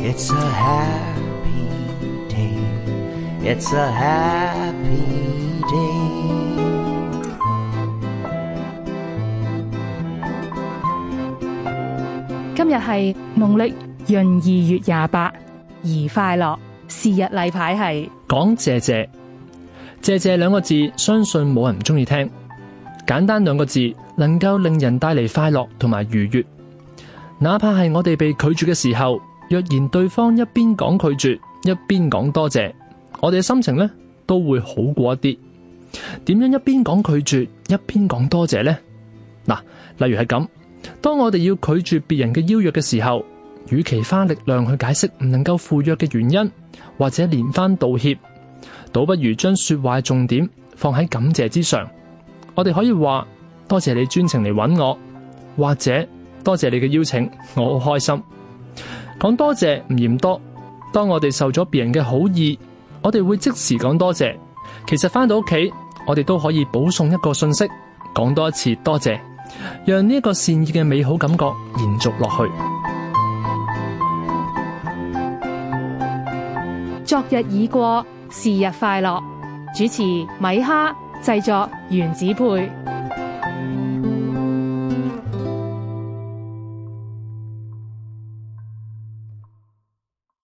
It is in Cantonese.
It's a happy day. It's a happy day. 今日係農曆閏二月廿八，而快樂是日例牌係講謝謝。謝謝兩個字，相信冇人唔中意聽。簡單兩個字，能夠令人帶嚟快樂同埋愉悅。哪怕係我哋被拒絕嘅時候，若然對方一邊講拒絕，一邊講多謝，我哋嘅心情咧都會好過一啲。點樣一邊講拒絕，一邊講多謝呢？嗱，例如係咁，當我哋要拒絕別人嘅邀約嘅時候，與其花力量去解釋唔能夠赴約嘅原因，或者連番道歉，倒不如將說話重點放喺感謝之上。我哋可以話，多謝你專程嚟搵我，或者。多謝你嘅邀請，我好開心。講多謝唔嫌多。當我哋受咗別人嘅好意，我哋會即時講多謝。其實返到屋企，我哋都可以補送一個信息，講多一次多謝，讓呢個善意嘅美好感覺延續落去。昨日已過，是日快樂。主持米哈，製作原子配。